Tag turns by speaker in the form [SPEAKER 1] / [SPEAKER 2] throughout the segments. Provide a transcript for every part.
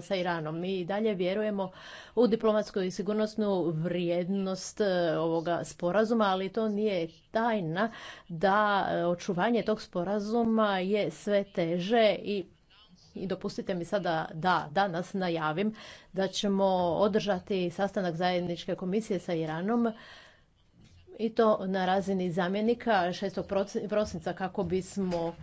[SPEAKER 1] sa Iranom. Mi i dalje vjerujemo u diplomatsku i sigurnosnu vrijednost e, ovoga sporazuma, ali to nije tajna da e, očuvanje tog sporazuma je sve teže i i dopustite mi sada da danas najavim da ćemo održati sastanak zajedničke komisije sa Iranom i to na razini zamjenika 6. prosinca kako bismo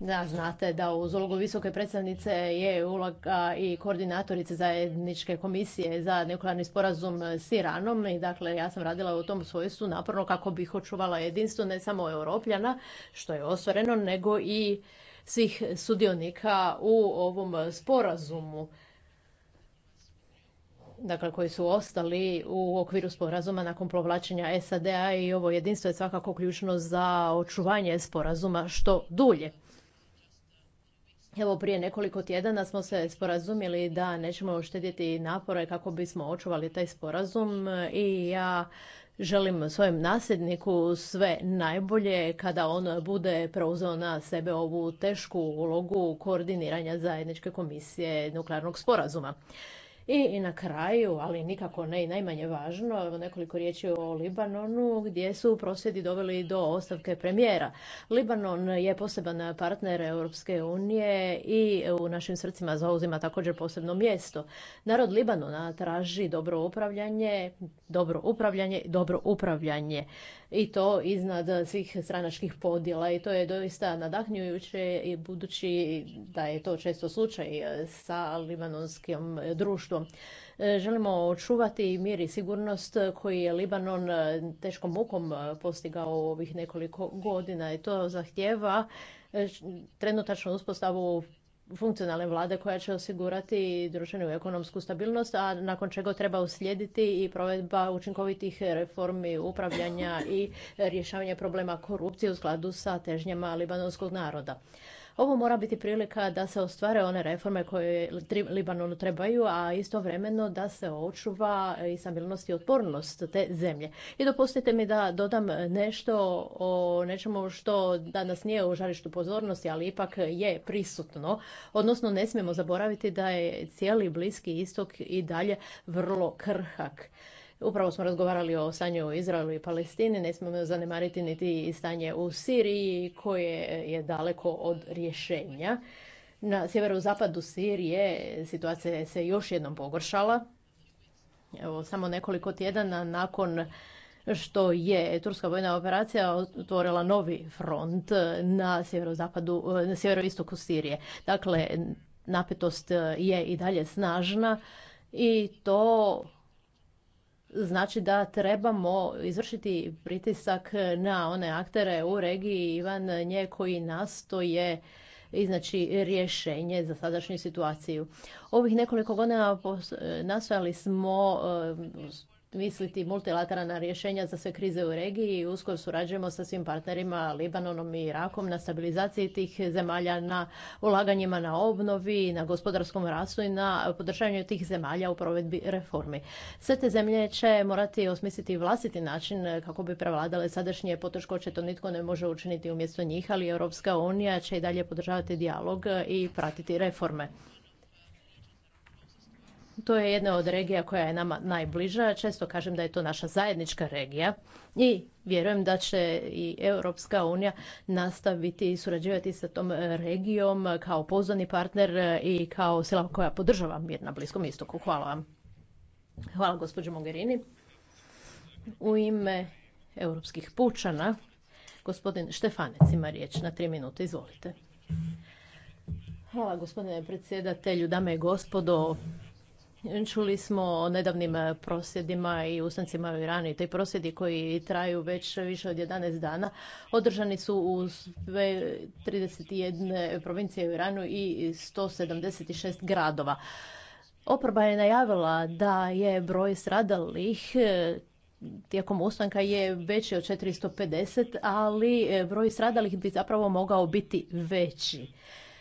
[SPEAKER 1] Da, znate da uz ulogu visoke predstavnice je uloga i koordinatorice zajedničke komisije za nuklearni sporazum s Iranom i dakle ja sam radila u tom svojstvu naporno kako bih očuvala jedinstvo ne samo europljana što je ostvareno nego i svih sudionika u ovom sporazumu dakle koji su ostali u okviru sporazuma nakon povlačenja SAD-a i ovo jedinstvo je svakako ključno za očuvanje sporazuma što dulje. Evo prije nekoliko tjedana smo se sporazumjeli da nećemo štedjeti napore kako bismo očuvali taj sporazum i ja želim svojem nasljedniku sve najbolje kada on bude preuzeo na sebe ovu tešku ulogu koordiniranja zajedničke komisije nuklearnog sporazuma. I na kraju, ali nikako ne i najmanje važno, nekoliko riječi o Libanonu gdje su prosvjedi doveli do ostavke premijera. Libanon je poseban partner Europske unije i u našim srcima zauzima također posebno mjesto. Narod Libanona traži dobro upravljanje, dobro upravljanje, dobro upravljanje i to iznad svih stranačkih podjela i to je doista nadahnjujuće i budući da je to često slučaj sa libanonskim društvom. E, želimo očuvati mir i sigurnost koji je Libanon teškom mukom postigao u ovih nekoliko godina i to zahtjeva e, trenutačnu uspostavu funkcionalne vlade koja će osigurati društvenu i ekonomsku stabilnost, a nakon čega treba uslijediti i provedba učinkovitih reformi upravljanja i rješavanja problema korupcije u skladu sa težnjama libanonskog naroda. Ovo mora biti prilika da se ostvare one reforme koje Libanonu trebaju, a istovremeno da se očuva i stabilnost i otpornost te zemlje. I dopustite mi da dodam nešto o nečemu što danas nije u žarištu pozornosti, ali ipak je prisutno. Odnosno, ne smijemo zaboraviti da je cijeli Bliski istok i dalje vrlo krhak. Upravo smo razgovarali o stanju u Izraelu i Palestini, ne smijemo zanemariti niti stanje u Siriji koje je daleko od rješenja. Na sjeverozapadu Sirije situacija se još jednom pogoršala. Evo, samo nekoliko tjedana nakon što je turska vojna operacija otvorila novi front na sjeverozapadu, na sjeveroistoku Sirije. Dakle, napetost je i dalje snažna i to znači da trebamo izvršiti pritisak na one aktere u regiji Ivan nje koji nastoje znači, rješenje za sadašnju situaciju. Ovih nekoliko godina nastojali smo misliti multilateralna rješenja za sve krize u regiji i uskoro surađujemo sa svim partnerima Libanonom i Irakom na stabilizaciji tih zemalja, na ulaganjima na obnovi, na gospodarskom rastu i na podržavanju tih zemalja u provedbi reformi. Sve te zemlje će morati osmisliti vlastiti način kako bi prevladale sadašnje poteškoće, to nitko ne može učiniti umjesto njih, ali Europska unija će i dalje podržavati dijalog i pratiti reforme. To je jedna od regija koja je nama najbliža. Često kažem da je to naša zajednička regija i vjerujem da će i Europska unija nastaviti surađivati sa tom regijom kao pozvani partner i kao sila koja podržava mir na Bliskom istoku. Hvala vam. Hvala gospođo Mogherini. U ime europskih pučana, gospodin Štefanec ima riječ na tri minute. Izvolite. Hvala gospodine predsjedatelju, dame i gospodo, Čuli smo o nedavnim e, prosjedima i ustancima u Iranu i te prosjedi koji traju već više od 11 dana održani su u sve 31 provincije u Iranu i 176 gradova. Oporba je najavila da je broj stradalih e, tijekom ustanka je veći od 450, ali e, broj stradalih bi zapravo mogao biti veći.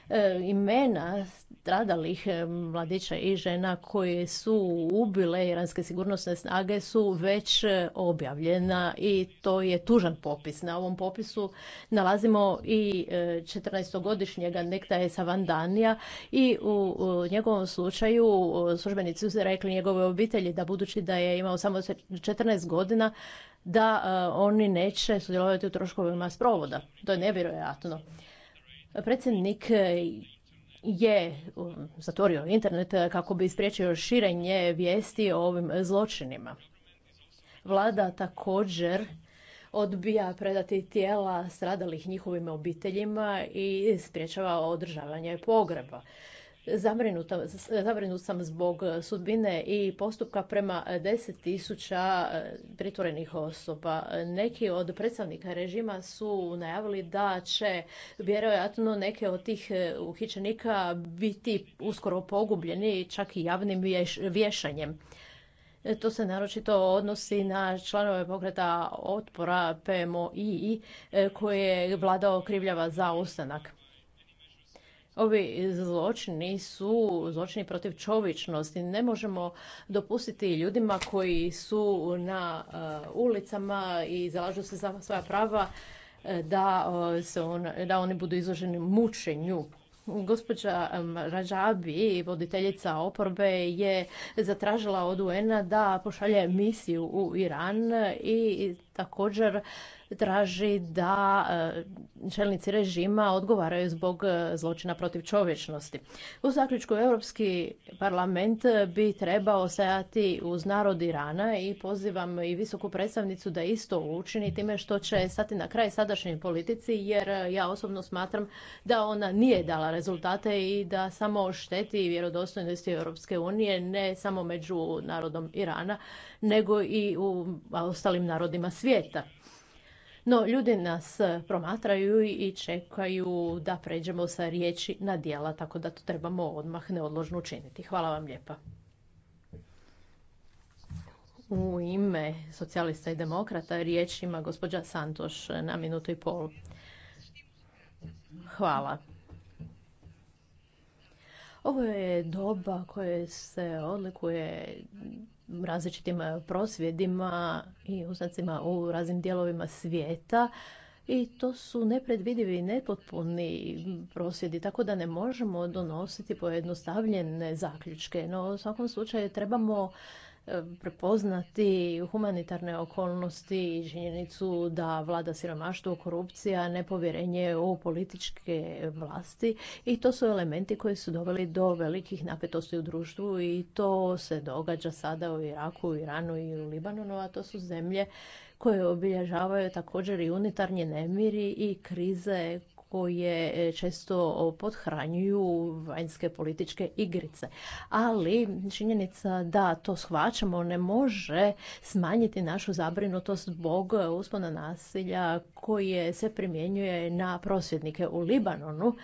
[SPEAKER 1] E, imena stradalih e, mladića i žena koje su ubile iranske sigurnosne snage su već e, objavljena i to je tužan popis. Na ovom popisu nalazimo i 14-godišnjega Nektaje Savandanija i u njegovom slučaju službenici su rekli njegove obitelji da budući da je imao samo 14 godina da oni neće sudjelovati u troškovima sprovoda. To je nevjerojatno. Predsjednik e, je zatvorio internet e, kako bi spriječio širenje vijesti o ovim zločinima. Vlada također odbija predati tijela stradalih njihovim obiteljima i sprječava održavanje pogreba. Zabrinut sam zbog e, sudbine i postupka prema 10.000 e, pritvorenih osoba. Neki od predstavnika režima su najavili da će vjerojatno neke od tih e, uhićenika biti uskoro pogubljeni čak i javnim vješanjem. To se naročito odnosi na članove pokreta otpora PMOI koje vlada krivljava za ustanak. Ovi zločini su zločini protiv čovječnosti. Ne možemo dopustiti ljudima koji su na e, ulicama i zalažu se za svoja prava e, da, se on, da oni budu izloženi mučenju. Gospođa Rađabi, voditeljica oporbe, je zatražila od UN-a da pošalje misiju u Iran i također traži da e, čelnici režima odgovaraju zbog e, zločina protiv čovječnosti. U zaključku Europski parlament bi trebao stajati uz narod Irana i pozivam i visoku predstavnicu da isto učini time što će stati na kraj sadašnjoj politici jer e, ja osobno smatram da ona nije dala rezultate i da samo šteti vjerodostojnosti Europske unije ne samo među narodom Irana nego i u ostalim narodima svijeta. No, ljudi nas e, promatraju i čekaju da pređemo sa riječi na dijela, tako da to trebamo odmah neodložno učiniti. Hvala vam lijepa. U ime socijalista i demokrata riječ ima gospođa Santoš na minutu i pol. Hvala. Ovo je doba koje se odlikuje različitim e, prosvjedima i uznacima u raznim dijelovima svijeta i to su nepredvidivi i nepotpuni prosvjedi, tako da ne možemo donositi pojednostavljene zaključke. No, u svakom slučaju trebamo prepoznati humanitarne okolnosti i činjenicu da vlada siromaštvo, korupcija, nepovjerenje u političke vlasti i to su elementi koji su doveli do velikih napetosti u društvu i to se događa sada u Iraku, Iranu i u Libanonu, a to su zemlje koje obilježavaju također i unitarnje nemiri i krize koje e, često podhranjuju vanjske političke igrice. Ali činjenica da to shvaćamo ne može smanjiti našu zabrinutost zbog uspona nasilja koje se primjenjuje na prosvjednike u Libanonu.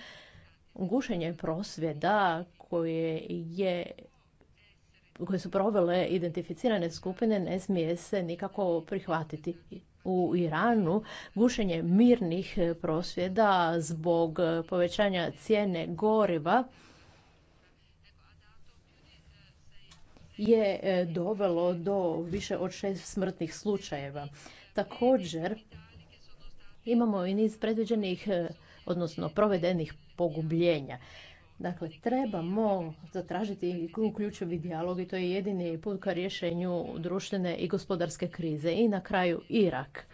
[SPEAKER 1] Gušenje prosvjeda koje je koje su provele identificirane skupine ne smije se nikako prihvatiti u Iranu gušenje mirnih e, prosvjeda zbog e, povećanja cijene goriva je e, dovelo do više od šest smrtnih slučajeva. Također imamo i niz predviđenih, odnosno provedenih pogubljenja. Dakle, trebamo zatražiti uključivi dijalog i to je jedini put ka rješenju društvene i gospodarske krize. I na kraju Irak.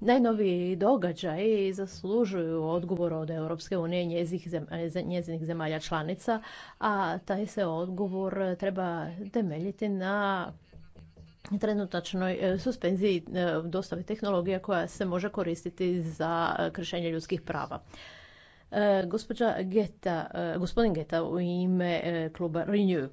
[SPEAKER 1] Najnoviji događaji zaslužuju odgovor od Europske unije i njezinih e, zemalja članica, a taj se odgovor treba temeljiti na trenutačnoj e, suspenziji e, dostave tehnologija koja se može koristiti za kršenje ljudskih prava. E, gospođa Geta, e, gospodin Geta u ime e, kluba Renew.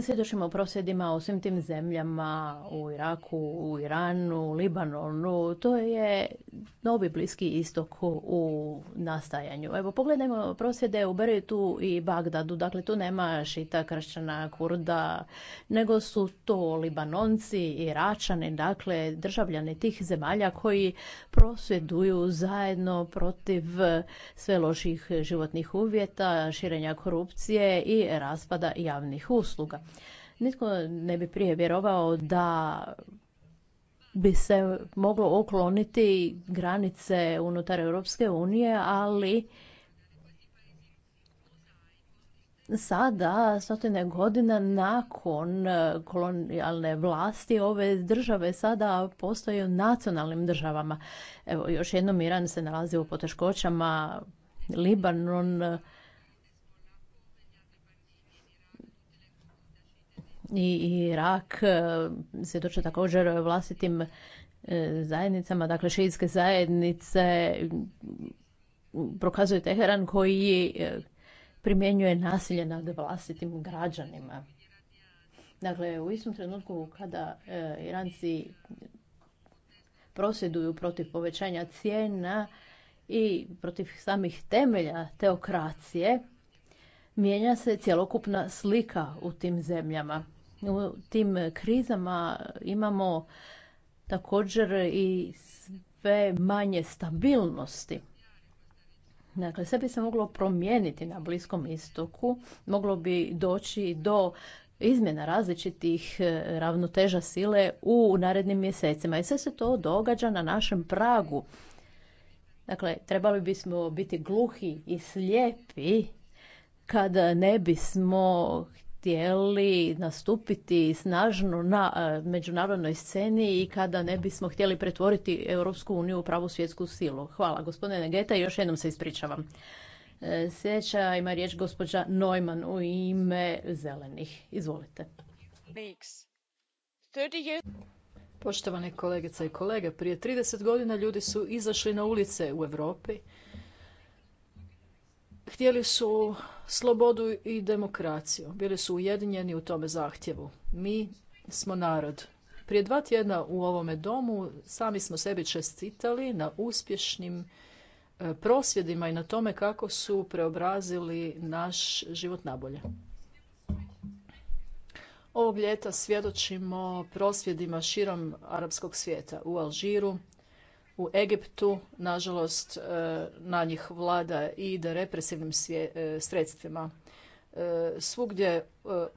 [SPEAKER 1] Svjedočimo prosvjedima u svim tim zemljama, u Iraku, u Iranu, Libanonu. To je novi bliski istok u nastajanju. Evo, pogledajmo prosvjede u Beritu i Bagdadu. Dakle, tu nema šita, kršćana, kurda, nego su to libanonci, i iračani, dakle, državljani tih zemalja koji prosvjeduju zajedno protiv sve loših životnih uvjeta, širenja korupcije i raspada javnih usluga. Nitko ne bi prije vjerovao da bi se moglo ukloniti granice unutar Europske unije, ali sada, stotine godina nakon kolonijalne vlasti, ove države sada postaju nacionalnim državama. Evo, još jednom Iran se nalazi u poteškoćama, Libanon, i Irak e, svjedoče također vlastitim e, zajednicama, dakle širske zajednice prokazuje Teheran koji e, primjenjuje nasilje nad vlastitim građanima. Dakle, u istom trenutku kada Iranci prosjeduju protiv povećanja cijena i protiv samih temelja teokracije, mijenja se cjelokupna slika u tim zemljama u tim krizama imamo također i sve manje stabilnosti. Dakle, sve bi se moglo promijeniti na Bliskom istoku, moglo bi doći do izmjena različitih e, ravnoteža sile u narednim mjesecima. I sve se to događa na našem pragu. Dakle, trebali bismo biti gluhi i slijepi kada ne bismo htjeli nastupiti snažno na e, međunarodnoj sceni i kada ne bismo htjeli pretvoriti Europsku uniju u pravu svjetsku silu. Hvala gospodine Geta i još jednom se ispričavam. E, sljedeća ima riječ gospođa Neumann u ime zelenih. Izvolite.
[SPEAKER 2] Poštovane kolegice i kolege, prije 30 godina ljudi su izašli na ulice u Europi Htjeli su slobodu i demokraciju. Bili su ujedinjeni u tome zahtjevu. Mi smo narod. Prije dva tjedna u ovome domu sami smo sebi čestitali na uspješnim e, prosvjedima i na tome kako su preobrazili naš život nabolje. Ovog ljeta svjedočimo prosvjedima širom arapskog svijeta u Alžiru, u Egiptu, nažalost, e, na njih vlada i ide represivnim e, sredstvima. E, svugdje,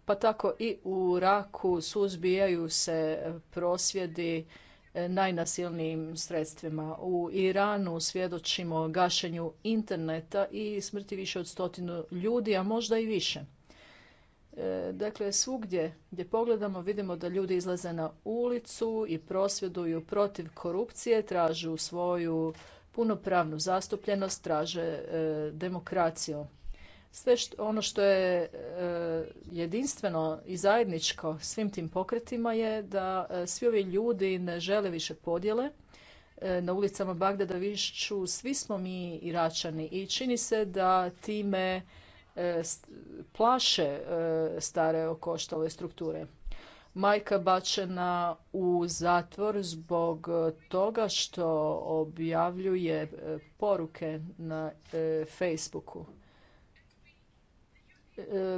[SPEAKER 2] pa tako i u Raku, suzbijaju se prosvjedi najnasilnijim sredstvima. U Iranu svjedočimo gašenju interneta i smrti više od stotinu ljudi, a možda i više. E, dakle, svugdje gdje pogledamo vidimo da ljudi izlaze na ulicu i prosvjeduju protiv korupcije, tražu svoju punopravnu zastupljenost, traže e, demokraciju. Sve što, ono što je e, jedinstveno i zajedničko svim tim pokretima je da svi ovi ljudi ne žele više podjele. Na ulicama Bagdada višću svi smo mi Iračani i čini se da time E, plaše e, stare okoštale strukture. Majka bačena u zatvor zbog e, toga što objavljuje poruke na Facebooku.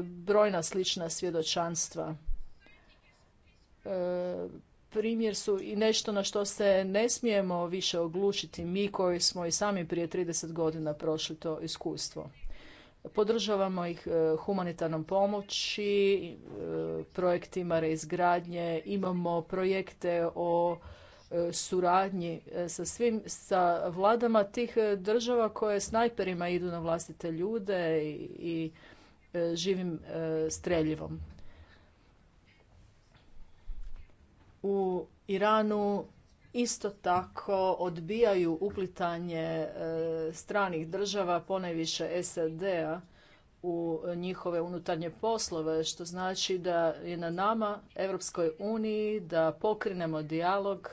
[SPEAKER 2] Brojna slična svjedočanstva primjer su i nešto na što se ne smijemo više oglušiti mi koji smo i sami prije 30 godina prošli to iskustvo. Podržavamo ih e, humanitarnom pomoći, e, projektima reizgradnje, imamo projekte o e, suradnji sa svim sa vladama tih država koje snajperima idu na vlastite ljude i živim streljivom. U Iranu isto tako odbijaju uplitanje e, stranih država, ponajviše SAD-a, u njihove unutarnje poslove, što znači da je na nama, Europskoj uniji, da pokrenemo dijalog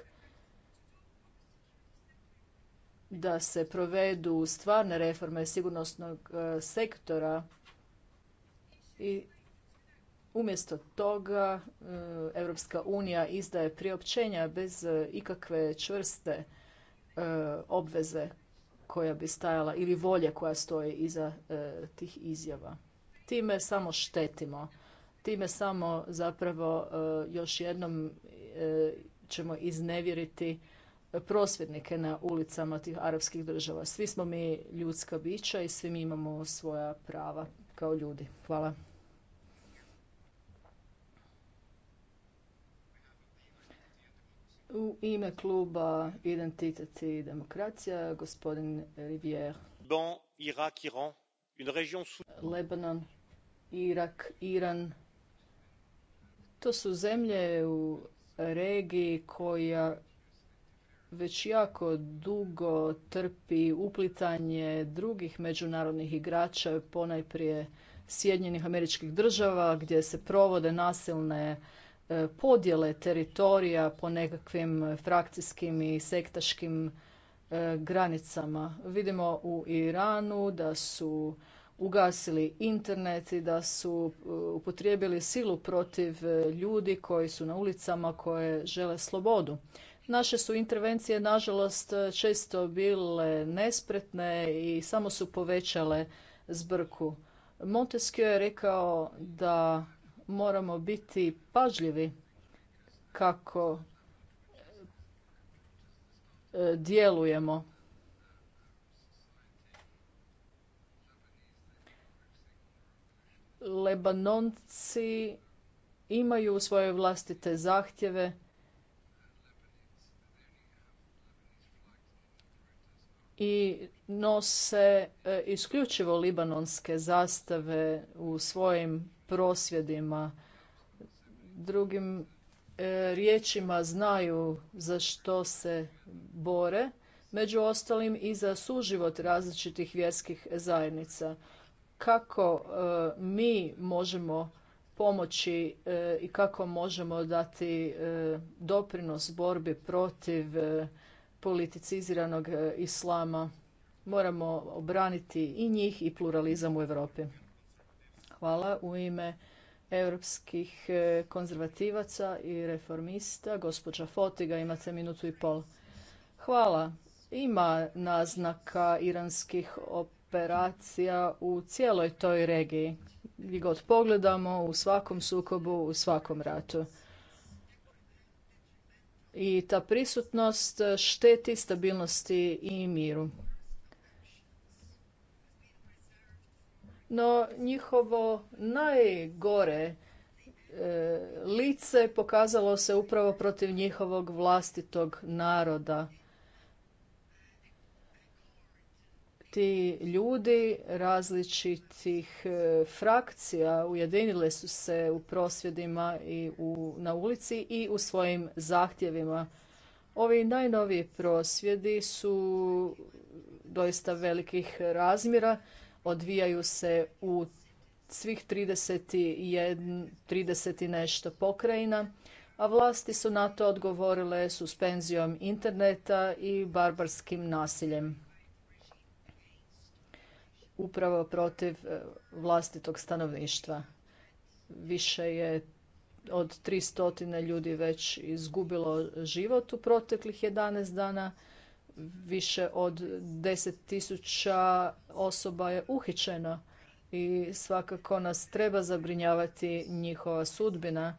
[SPEAKER 2] da se provedu stvarne reforme sigurnosnog e, sektora i Umjesto toga Europska unija izdaje priopćenja bez e, ikakve čvrste e, obveze koja bi stajala ili volje koja stoji iza e, tih izjava. Time samo štetimo. Time samo zapravo još jednom ćemo iznevjeriti prosvjednike na ulicama tih arapskih država. Svi smo mi ljudska bića i svi mi imamo svoja prava kao ljudi. Hvala. U ime kluba Identitet i demokracija, gospodin Rivière.
[SPEAKER 3] Irak, Iran, une
[SPEAKER 2] Lebanon, Irak, Iran. To su zemlje u regiji koja već jako dugo trpi uplitanje drugih međunarodnih igrača, ponajprije Sjedinjenih američkih država, gdje se provode nasilne E, podjele teritorija po nekakvim frakcijskim i sektaškim e, granicama. Vidimo u Iranu da su ugasili internet i da su e, upotrijebili silu protiv ljudi koji su na ulicama koje žele slobodu. Naše su intervencije nažalost često bile nespretne i samo su povećale zbrku. Montesquieu je rekao da moramo biti pažljivi kako e, djelujemo. Lebanonci imaju svoje vlastite zahtjeve. i nose e, isključivo libanonske zastave u svojim prosvjedima. Drugim e, riječima znaju za što se bore, među ostalim i za suživot različitih vjerskih zajednica. Kako e, mi možemo pomoći e, i kako možemo dati doprinos borbi protiv politiciziranog islama? Moramo obraniti i njih i pluralizam u Europi. Hvala u ime europskih e, konzervativaca i reformista. Gospođa Fotiga, imate minutu i pol. Hvala. Ima naznaka iranskih operacija u cijeloj toj regiji. Gdje god pogledamo, u svakom sukobu, u svakom ratu. I ta prisutnost šteti stabilnosti i miru. no njihovo najgore e, lice pokazalo se upravo protiv njihovog vlastitog naroda. Ti ljudi različitih e, frakcija ujedinile su se u prosvjedima i u, na ulici i u svojim zahtjevima. Ovi najnoviji prosvjedi su doista velikih razmjera odvijaju se u svih 31, 30 i nešto pokrajina, a vlasti su na to odgovorile suspenzijom interneta i barbarskim nasiljem upravo protiv e, vlastitog stanovništva. Više je od 300 ljudi već izgubilo život u proteklih 11 dana, više od 10.000 osoba je uhićeno i svakako nas treba zabrinjavati njihova sudbina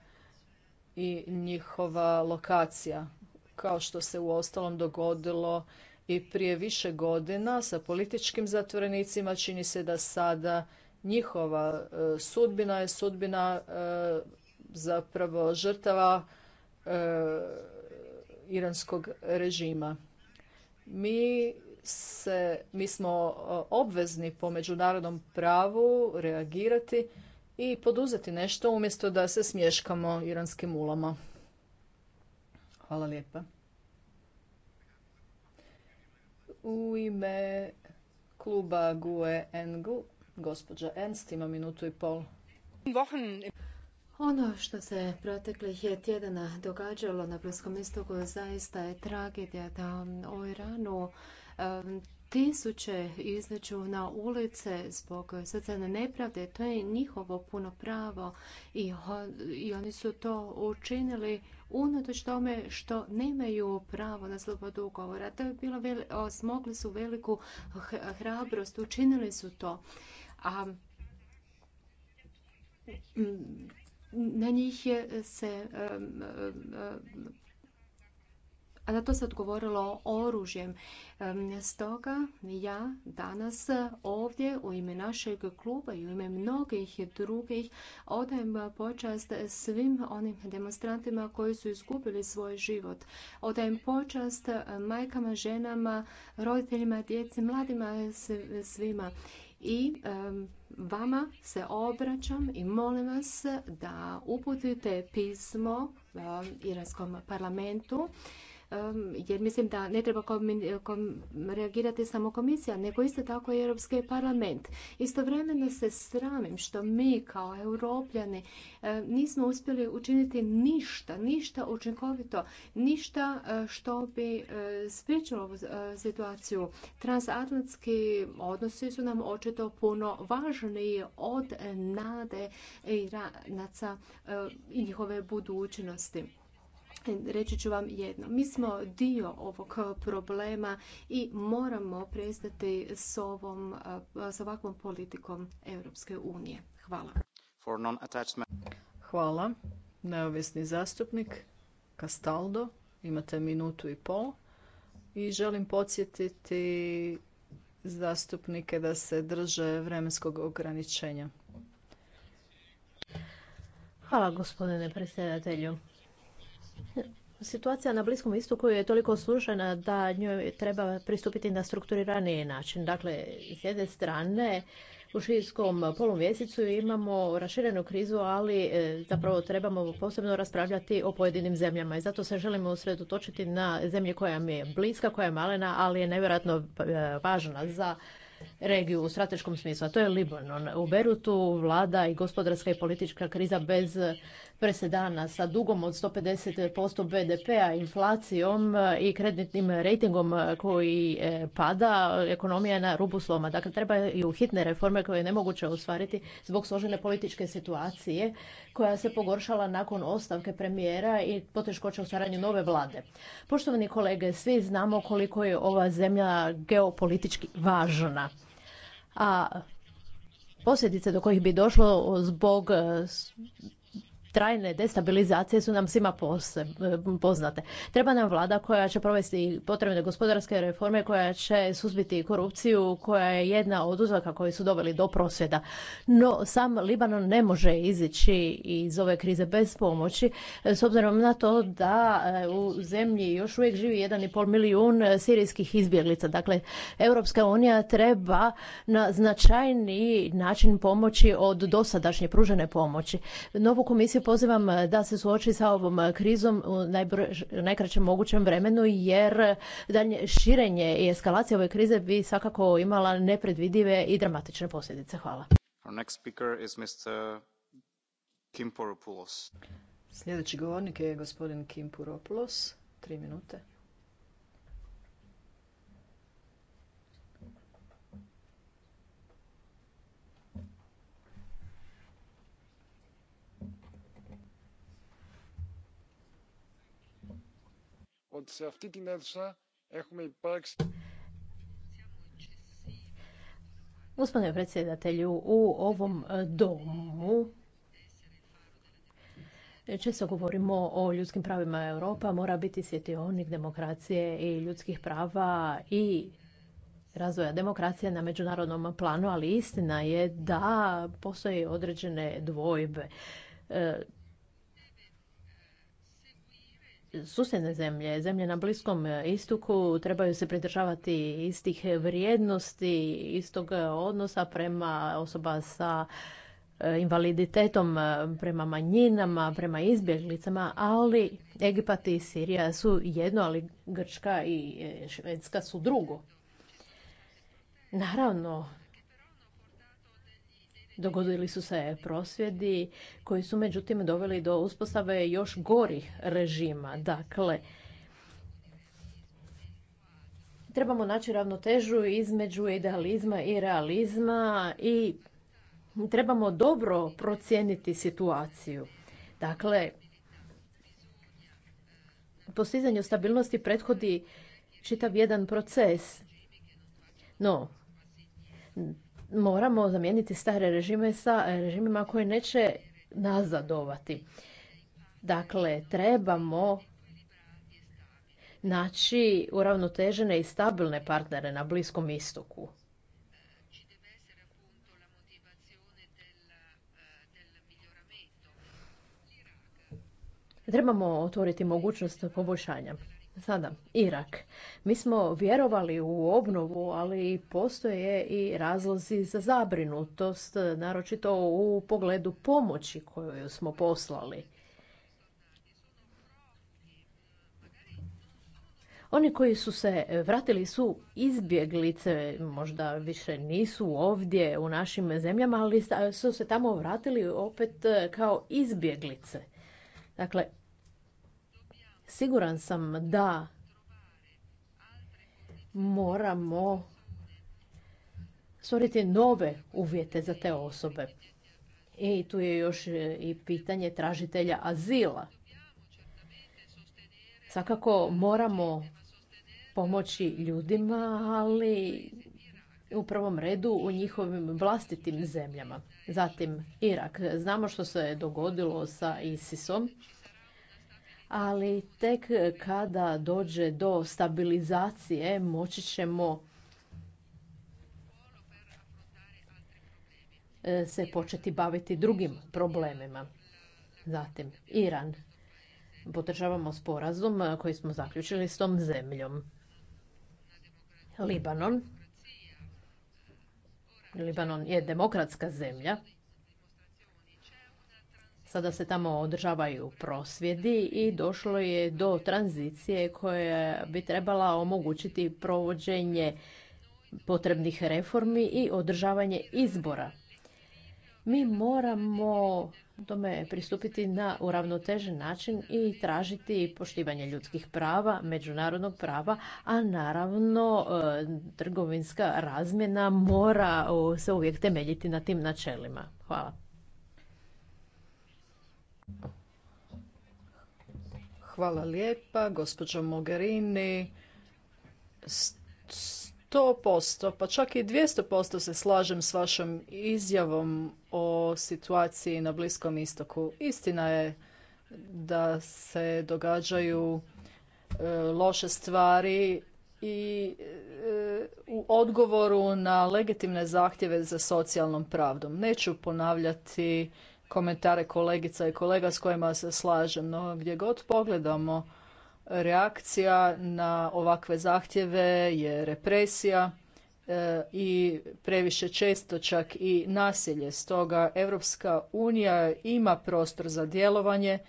[SPEAKER 2] i njihova lokacija kao što se u ostalom dogodilo i prije više godina sa političkim zatvorenicima čini se da sada njihova e, sudbina je sudbina e, zapravo žrtava e, iranskog režima mi se, mi smo e, obvezni po međunarodnom pravu reagirati i poduzeti nešto umjesto da se smješkamo iranskim ulama. Hvala lijepa. U ime kluba GUE-NGU,
[SPEAKER 4] gospođa Enst ima minutu i pol. Ono što se proteklih je tjedana događalo na Bliskom istoku zaista je tragedija da u Iranu tisuće izađu na ulice zbog socijalne nepravde. To je njihovo puno pravo i, i oni su to učinili unatoč tome što nemaju pravo na slobodu ugovora. To je bilo, smogli su veliku hrabrost, učinili su to. A, na njih je e, se e, a na to se odgovorilo oružjem. Stoga ja danas ovdje u ime našeg kluba i u ime mnogih drugih odajem počast svim onim demonstrantima koji su izgubili svoj život. Odajem počast majkama, ženama, roditeljima, djeci, mladima, svima i vama se obraćam i molim vas da uputite pismo Iranskom parlamentu jer mislim da ne treba reagirati samo komisija, nego isto tako i Europski parlament. Istovremeno se sramim što mi kao europljani nismo uspjeli učiniti ništa, ništa učinkovito, ništa e, što bi e, spričalo e, situaciju. Transatlantski odnosi su nam očito puno važniji od nade i ranaca i njihove budućnosti. Reći ću vam jedno, mi smo dio ovog problema i moramo prestati s, ovom, s ovakvom politikom Europske unije. Hvala. Hvala.
[SPEAKER 2] Neovisni zastupnik Castaldo, imate minutu i pol. I želim podsjetiti zastupnike da se drže vremenskog ograničenja. Hvala gospodine
[SPEAKER 1] predsjedatelju. Situacija na Bliskom istoku je toliko slušena da njoj treba pristupiti na strukturirani način. Dakle, s jedne strane, u šijskom polumjesecu imamo raširenu krizu, ali e, zapravo trebamo posebno raspravljati o pojedinim zemljama i zato se želimo usredotočiti na zemlje koja mi je bliska, koja je malena, ali je nevjerojatno e, važna za regiju u strateškom smislu, a to je Libanon. U Berutu vlada i gospodarska i politička kriza bez presedana sa dugom od 150% BDP-a, inflacijom e, i kreditnim rejtingom e, koji e, pada, ekonomija je na rubu sloma. Dakle, treba u hitne reforme koje je nemoguće ostvariti zbog složene političke situacije koja se pogoršala nakon ostavke premijera i poteškoća u stvaranju nove vlade. Poštovani kolege, svi znamo koliko je ova zemlja geopolitički važna. A posljedice do kojih bi došlo zbog trajne destabilizacije su nam svima poznate. Treba nam vlada koja će provesti potrebne gospodarske reforme, koja će suzbiti korupciju, koja je jedna od uzvaka koji su doveli do prosvjeda. No, sam Libanon ne može izići iz ove krize bez pomoći, e, s obzirom na to da e, u zemlji još uvijek živi 1,5 milijun sirijskih izbjeglica. Dakle, Europska unija treba na značajni način pomoći od dosadašnje pružene pomoći. Novu komisiju pozivam eh, da se suoči sa ovom eh, krizom u najkraćem mogućem vremenu jer daljnje širenje i eskalacija ove krize bi svakako imala nepredvidive i dramatične posljedice.
[SPEAKER 3] Hvala.
[SPEAKER 2] Sljedeći govornik je gospodin Kim Puropoulos. Tri minute.
[SPEAKER 3] ότι σε
[SPEAKER 1] Gospodine predsjedatelju, u ovom e, domu često govorimo o ljudskim pravima Europa, mora biti svjetionik demokracije i ljudskih prava i razvoja demokracije na međunarodnom planu, ali istina je da postoje određene dvojbe. E, susjedne zemlje, zemlje na Bliskom e, istoku trebaju se pridržavati istih vrijednosti, istog e, odnosa prema osoba sa e, invaliditetom, prema manjinama, prema izbjeglicama, ali Egipat i Sirija su jedno, ali Grčka i Švedska su drugo. Naravno, Dogodili su se prosvjedi koji su međutim doveli do uspostave još gorih režima. Dakle, trebamo naći ravnotežu između idealizma i realizma i trebamo dobro procijeniti situaciju. Dakle, postizanju stabilnosti prethodi čitav jedan proces. No, moramo zamijeniti stare režime sa režimima koje neće nazadovati. Dakle, trebamo naći uravnotežene i stabilne partnere na Bliskom istoku. Trebamo otvoriti mogućnost poboljšanja. Sada, Irak. Mi smo vjerovali u obnovu, ali postoje i razlozi za zabrinutost, naročito u pogledu pomoći koju smo poslali. Oni koji su se vratili su izbjeglice, možda više nisu ovdje u našim zemljama, ali su se tamo vratili opet kao izbjeglice. Dakle, Siguran sam da moramo stvoriti nove uvjete za te osobe. I tu je još e, i pitanje tražitelja azila. Svakako moramo pomoći ljudima, ali u prvom redu u njihovim vlastitim zemljama. Zatim Irak. Znamo što se je dogodilo sa ISIS-om ali tek kada dođe do stabilizacije moći ćemo e, se početi baviti drugim problemima. Zatim, Iran. Podržavamo sporazum koji smo zaključili s tom zemljom. Libanon. Libanon je demokratska zemlja. Sada se tamo održavaju prosvjedi i došlo je do tranzicije koja bi trebala omogućiti provođenje potrebnih reformi i održavanje izbora. Mi moramo tome pristupiti na uravnotežen način i tražiti poštivanje ljudskih prava, međunarodnog prava, a naravno e, trgovinska razmjena mora se uvijek temeljiti na
[SPEAKER 2] tim načelima. Hvala. Hvala lijepa, gospođo Mogherini. posto pa čak i posto se slažem s vašom izjavom o situaciji na Bliskom istoku. Istina je da se događaju e, loše stvari i e, u odgovoru na legitimne zahtjeve za socijalnom pravdom. Neću ponavljati komentare kolegica i kolega s kojima se slažem, no gdje god pogledamo reakcija na ovakve zahtjeve je represija e, i previše često čak i nasilje. Stoga Europska unija ima prostor za djelovanje,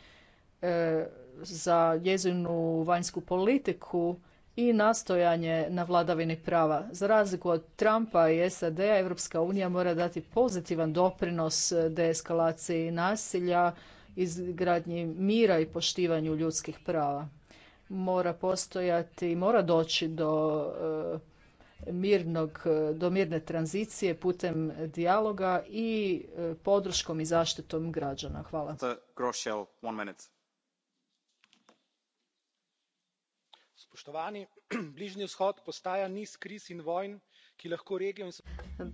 [SPEAKER 2] e, za njezinu vanjsku politiku i nastojanje na vladavini prava. Za razliku od Trumpa i SAD-a, Europska unija mora dati pozitivan doprinos deeskalaciji nasilja, izgradnji mira i poštivanju ljudskih prava. Mora postojati, mora doći do e, mirnog, do mirne tranzicije putem dijaloga i e, podrškom i zaštitom građana. Hvala.
[SPEAKER 3] Uštovani, bližnji vzhod
[SPEAKER 5] postaja niz kriz in vojn ki lahko regijo in.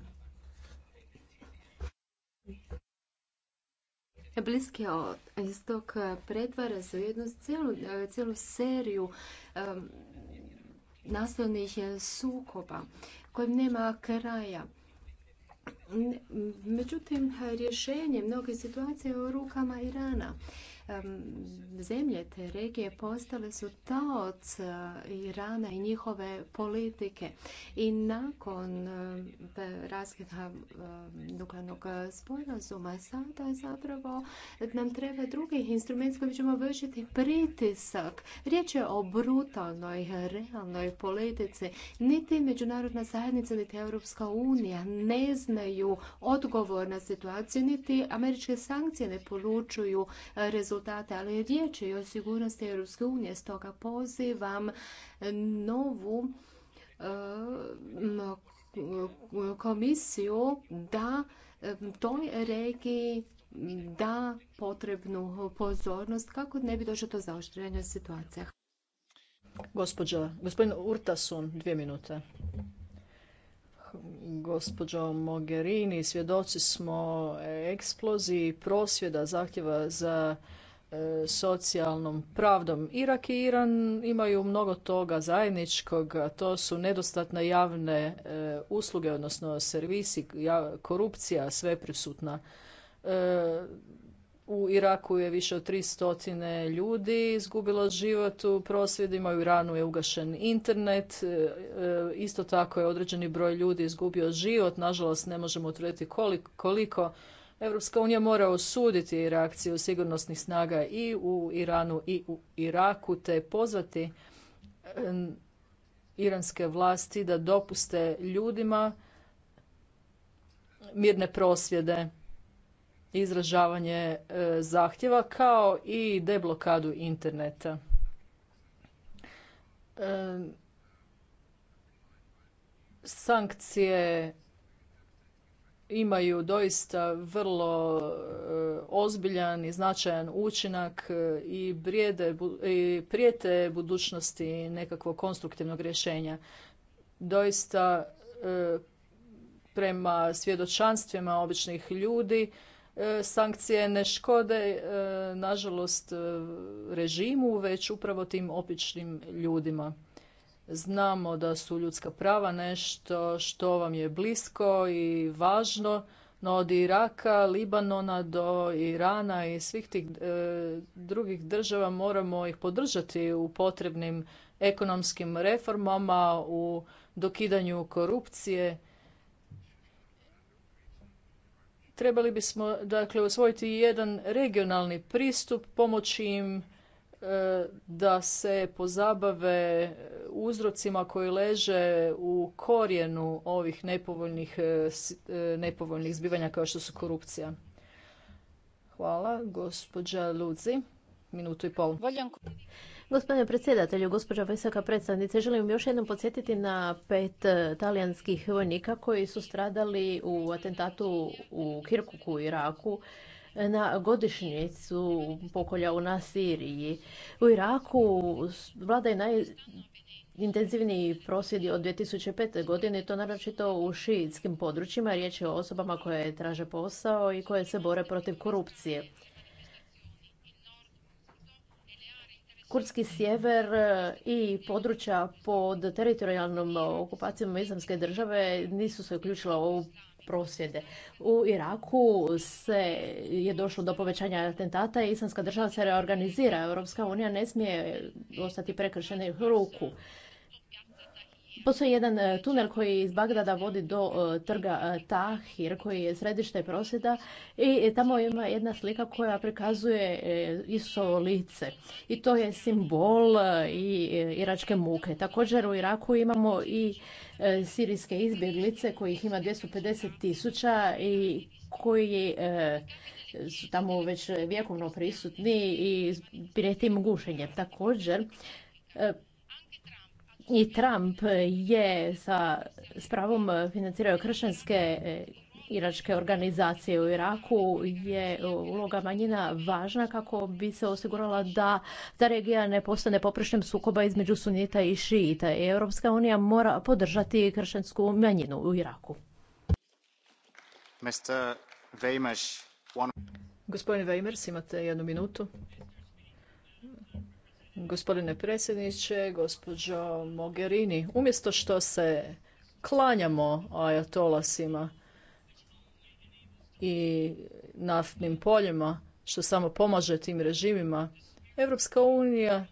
[SPEAKER 4] Bliski od eh, pretvara se u jednu cijelu, eh, seriju naslovnih eh, sukoba kojim nema kraja. Međutim, rješenje mnogih situacija u rukama Irana zemlje te regije postale su taoc e, Irana i njihove politike. I nakon e, raskida e, nuklearnog sporazuma sada zapravo nam treba drugi instrument s ćemo vršiti pritisak. Riječ je o brutalnoj, realnoj politici. Niti međunarodna zajednica, niti Europska unija ne znaju odgovor na situaciju, niti američke sankcije ne polučuju rezultate rezultate, ali riječ je o sigurnosti Europske unije, stoga pozivam novu e, komisiju da toj regiji da potrebnu pozornost kako ne bi došlo do zaoštrenja situacija.
[SPEAKER 2] gospodin Urtasun, dvije minute. Gospođo Mogherini, svjedoci smo eksploziji prosvjeda zahtjeva za E, socijalnom pravdom. Irak i Iran imaju mnogo toga zajedničkog, to su nedostatne javne e, usluge, odnosno servisi, korupcija sve prisutna. E, u Iraku je više od 300 ljudi izgubilo život u prosvjedima, u Iranu je ugašen internet, isto tako je određeni broj ljudi izgubio život, nažalost ne možemo utvrditi koliko Europska unija mora osuditi reakciju sigurnosnih snaga i u Iranu i u Iraku te pozvati iranske vlasti da dopuste ljudima mirne prosvjede izražavanje e, zahtjeva kao i deblokadu interneta. Sankcije imaju doista vrlo e, ozbiljan i značajan učinak e, i i prijete budućnosti nekakvog konstruktivnog rješenja. Doista e, prema svjedočanstvima običnih ljudi sankcije ne škode nažalost režimu već upravo tim običnim ljudima. Znamo da su ljudska prava nešto što vam je blisko i važno, no od Iraka, Libanona do Irana i svih tih e, drugih država moramo ih podržati u potrebnim ekonomskim reformama, u dokidanju korupcije. Trebali bismo dakle usvojiti jedan regionalni pristup, pomoći im da se pozabave uzrocima koji leže u korijenu ovih nepovoljnih, e, e, nepovoljnih zbivanja kao što su korupcija. Hvala. Gospođa Luci, minutu
[SPEAKER 1] i pol. Gospodine predsjedatelju, gospođa visoka predstavnice, želim još jednom podsjetiti na pet e, talijanskih vojnika koji su stradali u atentatu u Kirkuku u Iraku na godišnjicu pokolja u Nasiriji. U Iraku vlada je najintenzivniji prosvjedi od 2005. godine, to naročito u šiitskim područjima. Riječ je o osobama koje traže posao i koje se bore protiv korupcije. Kurdski sjever i područja pod teritorijalnom okupacijom islamske države nisu se uključila u prosvjede. U Iraku se je došlo do povećanja atentata i islamska država se reorganizira. Europska unija ne smije ostati prekršena ruku. Postoji jedan e, tunel koji iz Bagdada vodi do e, trga e, Tahir koji je središte prosjeda i tamo ima jedna slika koja prikazuje iso lice i to je simbol i iračke muke. Također u Iraku imamo i sirijske izbjeglice kojih ima 250 tisuća i koji su tamo već vjekovno prisutni i prijeti im gušenje. Također i Trump je sa spravom financirao kršćanske e, iračke organizacije u Iraku je uloga manjina važna kako bi se osigurala da ta regija ne postane poprišnjem sukoba između sunita i šiita. I Europska unija mora podržati kršćansku manjinu u Iraku.
[SPEAKER 2] Gospodin Weimers, imate jednu minutu. Gospodine predsjedniče, gospođo Mogherini, umjesto što se klanjamo ajatolasima i naftnim poljima, što samo pomaže tim režimima, Evropska unija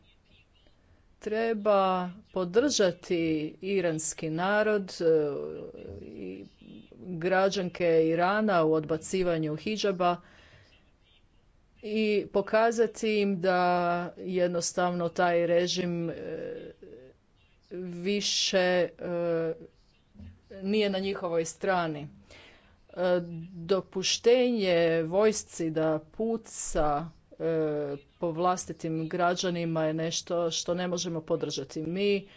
[SPEAKER 2] treba podržati iranski narod e, i građanke Irana u odbacivanju hidžaba i pokazati im da jednostavno taj režim e, više e, nije na njihovoj strani. E, dopuštenje vojsci da puca po vlastitim građanima je nešto što ne možemo podržati. Mi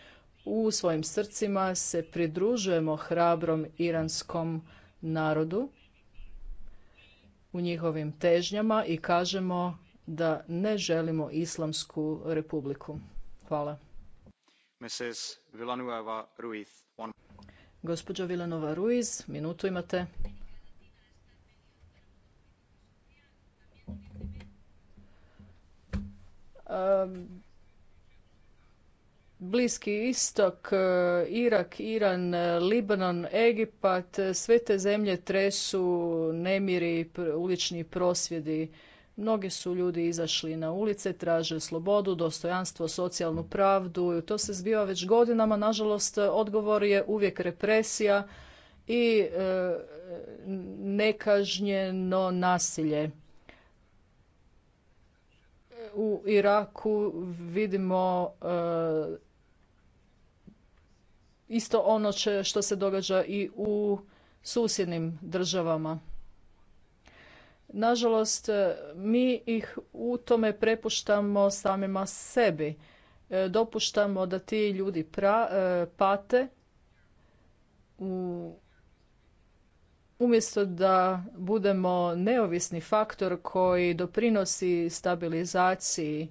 [SPEAKER 2] u svojim srcima se pridružujemo hrabrom iranskom narodu u njihovim težnjama i kažemo da ne želimo islamsku republiku. Hvala.
[SPEAKER 3] Mrs. Villanueva Ruiz. One...
[SPEAKER 2] Gospođo Vilanova Ruiz, minutu imate. Um, Bliski istok, e, Irak, Iran, e, Libanon, Egipat, e, sve te zemlje tresu nemiri, ulični prosvjedi. Mnogi su ljudi izašli na ulice, traže slobodu, dostojanstvo, socijalnu pravdu. To se zbiva već godinama. Nažalost, odgovor je uvijek represija i nekažnjeno nasilje. U Iraku vidimo isto ono što se događa i u susjednim državama. Nažalost, e, mi ih u tome prepuštamo samima sebi. E, dopuštamo da ti ljudi e, pate u umjesto da budemo neovisni faktor koji doprinosi stabilizaciji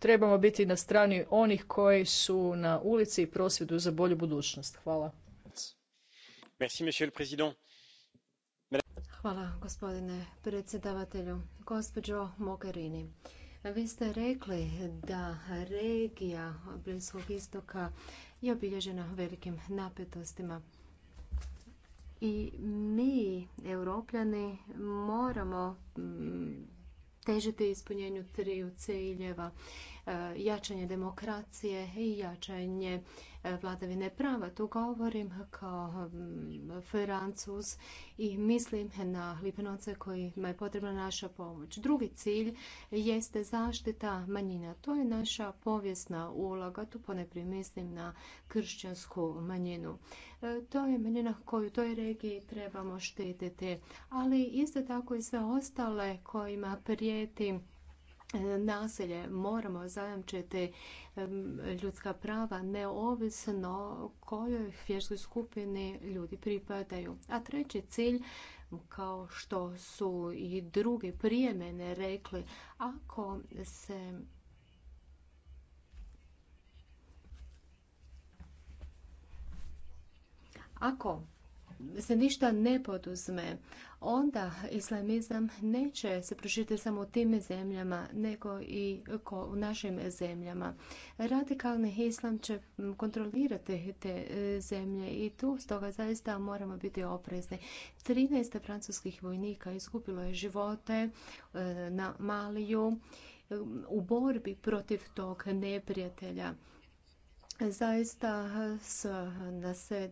[SPEAKER 2] trebamo biti na strani onih koji su na ulici i prosvjeduju za bolju budućnost. Hvala.
[SPEAKER 4] Hvala gospodine predsjedavatelju. Gospođo Mogherini, vi ste rekli da regija Bliskog istoka je obilježena velikim napetostima. I mi, europljani, moramo mm, težiti ispunjenju triju ciljeva e, jačanje demokracije i jačanje E, vladavine prava. Tu govorim kao francuz i mislim na libanonce kojima je potrebna naša pomoć. Drugi cilj jeste zaštita manjina. To je naša povijesna uloga. Tu ponajprije mislim na kršćansku manjinu. E, to je manjina koju u toj regiji trebamo štititi, ali isto tako i sve ostale kojima prijeti nasilje. Moramo zajamčiti ljudska prava neovisno kojoj vjerskoj skupini ljudi pripadaju. A treći cilj kao što su i drugi prije mene rekli, ako se ako se ništa ne poduzme, onda islamizam neće se proširiti samo u tim zemljama, nego i u našim zemljama. Radikalni islam će kontrolirati te e, zemlje i tu stoga zaista moramo biti oprezni. 13 francuskih vojnika izgubilo je živote e, na Maliju e, u borbi protiv tog neprijatelja. Zaista nas se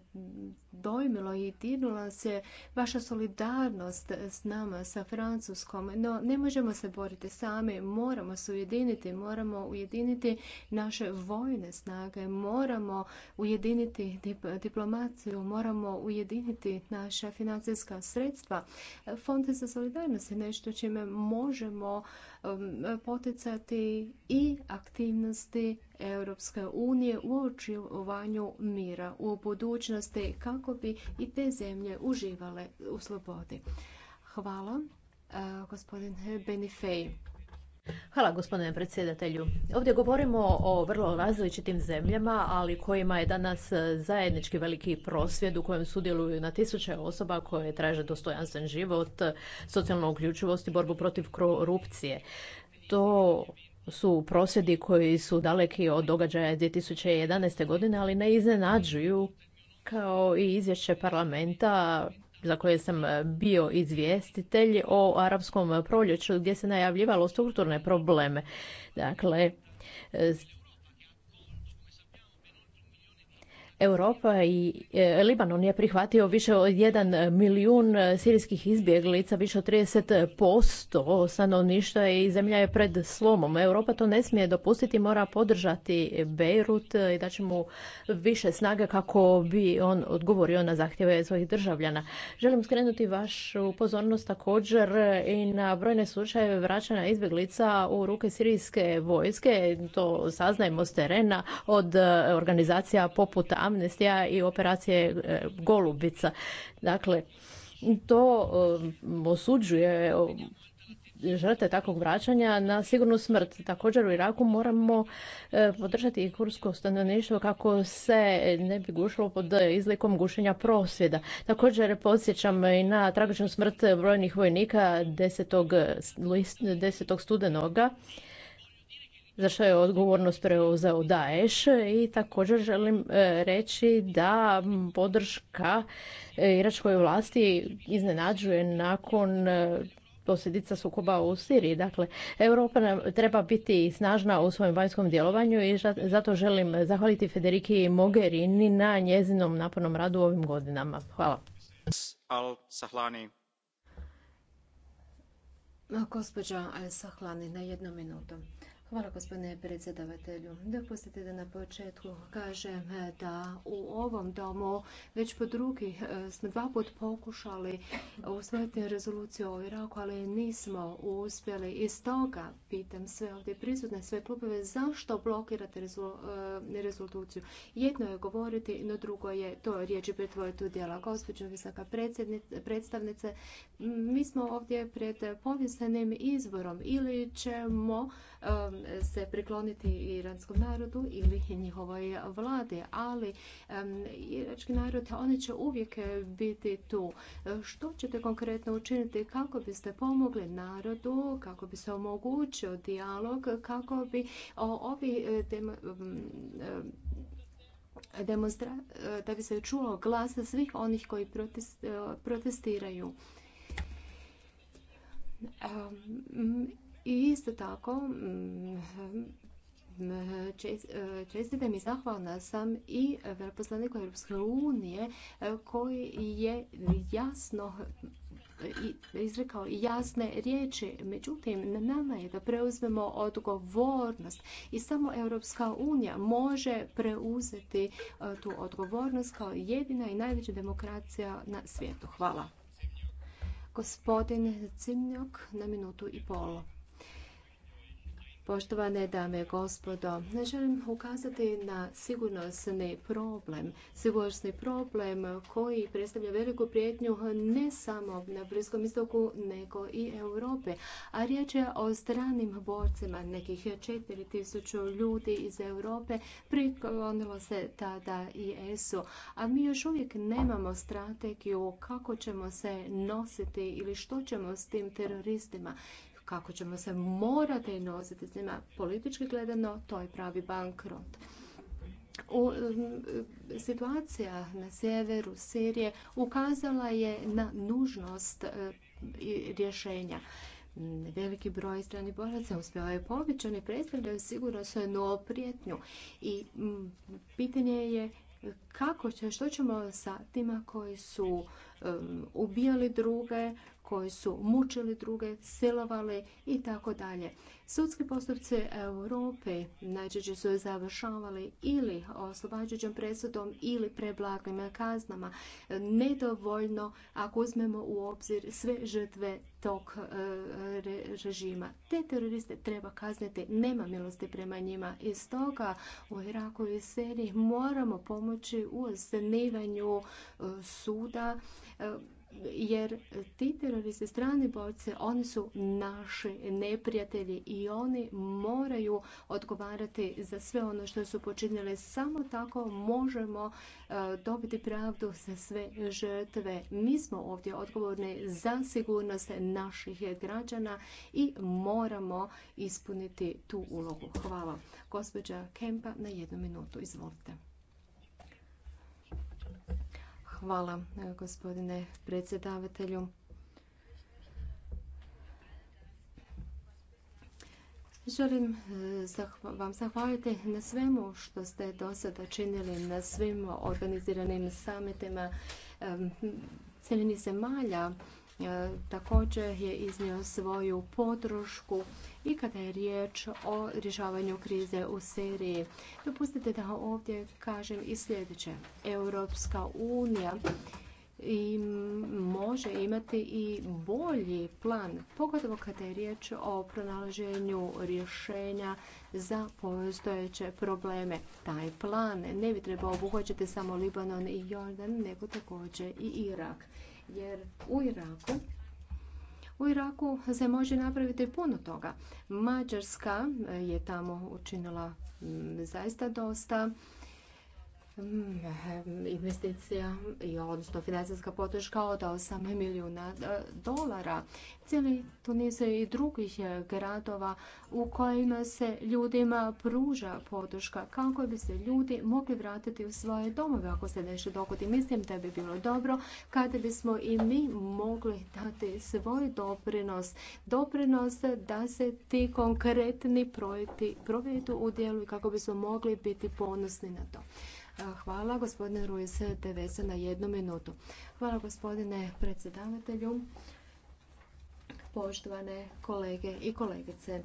[SPEAKER 4] dojmilo i tinula se vaša solidarnost s nama, sa Francuskom. No, ne možemo se boriti sami, moramo se ujediniti, moramo ujediniti naše vojne snage, moramo ujediniti diplomaciju, moramo ujediniti naša financijska sredstva. Fond za solidarnost je nešto čime možemo um, poticati i aktivnosti Europske unije u očuvanju mira u budućnosti kako bi i te zemlje uživale u slobodi. Hvala, e,
[SPEAKER 1] gospodin Benifej. Hvala gospodine predsjedatelju. Ovdje govorimo o vrlo različitim zemljama, ali kojima je danas zajednički veliki prosvjed u kojem sudjeluju na tisuće osoba koje traže dostojanstven život, socijalnu uključivost i borbu protiv korupcije. To su prosvjedi koji su daleki od događaja 2011. godine, ali ne iznenađuju kao i izvješće parlamenta za koje sam bio izvjestitelj o arapskom proljeću gdje se najavljivalo strukturne probleme. Dakle, Europa i e, Libanon je prihvatio više od jedan milijun e, sirijskih izbjeglica, više od 30% stanovništva i zemlja je pred slomom. Europa to ne smije dopustiti, mora podržati Beirut e, i da će mu više snage kako bi on odgovorio na zahtjeve svojih državljana. Želim skrenuti vašu pozornost također i na brojne slučajeve vraćanja izbjeglica u ruke sirijske vojske. To saznajemo s terena od organizacija poput amnestija i operacije e, Golubica. Dakle, to e, osuđuje žrtve takvog vraćanja na sigurnu smrt. Također u Iraku moramo e, podržati i kursko stanovništvo kako se ne bi gušilo pod izlikom gušenja prosvjeda. Također podsjećam i na tragičnu smrt brojnih vojnika 10. 10. studenoga za što je odgovornost preuzeo Daesh i također želim e, reći da podrška e, iračkoj vlasti iznenađuje nakon e, posljedica sukoba u Siriji. Dakle, Europa treba biti snažna u svojem vanjskom djelovanju i zato želim zahvaliti Federiki Mogherini na njezinom napornom radu u ovim godinama.
[SPEAKER 4] Hvala.
[SPEAKER 3] Al-Sahlani.
[SPEAKER 4] Al-Sahlani, na jednu minutu. Hvala gospodine predsjedavatelju. Dopustite da na početku kažem e, da u ovom domu već po drugi e, smo dva put pokušali usvojiti rezoluciju o Iraku, ali nismo uspjeli. I toga pitam sve ovdje prisutne, sve klubove, zašto blokirate e, rezoluciju? Jedno je govoriti, no drugo je to riječi pretvoriti u djela. Gospođo visoka predstavnice, mi smo ovdje pred povijesnim izborom ili ćemo Um, se prikloniti iranskom narodu ili njihovoj vladi, ali um, irački narod, oni će uvijek biti tu. Što ćete konkretno učiniti kako biste pomogli narodu, kako bi se omogućio dijalog, kako bi ovi e, um, e, e, da bi se čulo glas svih onih koji protestiraju. I isto tako, mm, mm, e, čestitam i zahvalna sam i veleposlaniku Europske unije e, koji je jasno izrekao jasne riječi. Međutim, na nama je da preuzmemo odgovornost i samo Europska unija može preuzeti e, tu odgovornost kao jedina i najveća demokracija na svijetu. Hvala. Gospodin Cimnjok na minutu i polo. Poštovane dame i gospodo, želim ukazati na sigurnosni problem. Sigurnosni problem koji predstavlja veliku prijetnju ne samo na Bliskom istoku, nego i Europe. A riječ je o stranim borcima, nekih 4000 ljudi iz Europe priklonilo se tada i ESU. A mi još uvijek nemamo strategiju kako ćemo se nositi ili što ćemo s tim teroristima kako ćemo se morati nositi s njima politički gledano, to je pravi bankrot. U, situacija na sjeveru Sirije ukazala je na nužnost e, rješenja. Veliki broj stranih boraca uspjeva je pobići, oni predstavljaju sigurno svoju prijetnju i pitanje je kako će, što ćemo sa tima koji su e, ubijali druge, koji su mučili druge, silovali i tako dalje. Sudski postupci Europe najčešće su završavali ili oslobađajućom presudom ili preblagim kaznama. Nedovoljno ako uzmemo u obzir sve žrtve tog e, režima. Te teroriste treba kazniti, nema milosti prema njima. I stoga u Iraku i Siriji moramo pomoći u osnivanju e, suda e, jer ti teroristi, strani bojce, oni su naši neprijatelji i oni moraju odgovarati za sve ono što su počinjeli. Samo tako možemo e, dobiti pravdu za sve žrtve. Mi smo ovdje odgovorni za sigurnost naših građana i moramo ispuniti tu ulogu. Hvala. Gospođa Kempa na jednu minutu. Izvolite. Hvala e, gospodine predsjedavatelju. Želim e, vam zahvaliti na svemu što ste do sada činili na svim organiziranim samitima e, cijelini zemalja E, također je iznio svoju podršku i kada je riječ o rješavanju krize u Siriji. Dopustite da ovdje kažem i sljedeće. Europska unija može imati i bolji plan, pogotovo kada je riječ o pronalaženju rješenja za postojeće probleme. Taj plan ne bi trebao obuhvaćati samo Libanon i Jordan, nego također i Irak jer u Iraku u Iraku se može napraviti puno toga. Mađarska e, je tamo učinila zaista dosta. Mm, investicija i odnosno financijska podrška od 8 milijuna e, dolara. Cijeli Tunis i drugih e, gradova u kojima se ljudima pruža podrška kako bi se ljudi mogli vratiti u svoje domove ako se nešto dogodi. Mislim da bi bilo dobro kada bismo i mi mogli dati svoj doprinos. Doprinos da se ti konkretni projekti provedu u djelu i kako bismo mogli biti ponosni na to. Hvala gospodine Ruiz Tevesa na jednu minutu. Hvala gospodine predsjedavatelju, poštovane kolege i kolegice.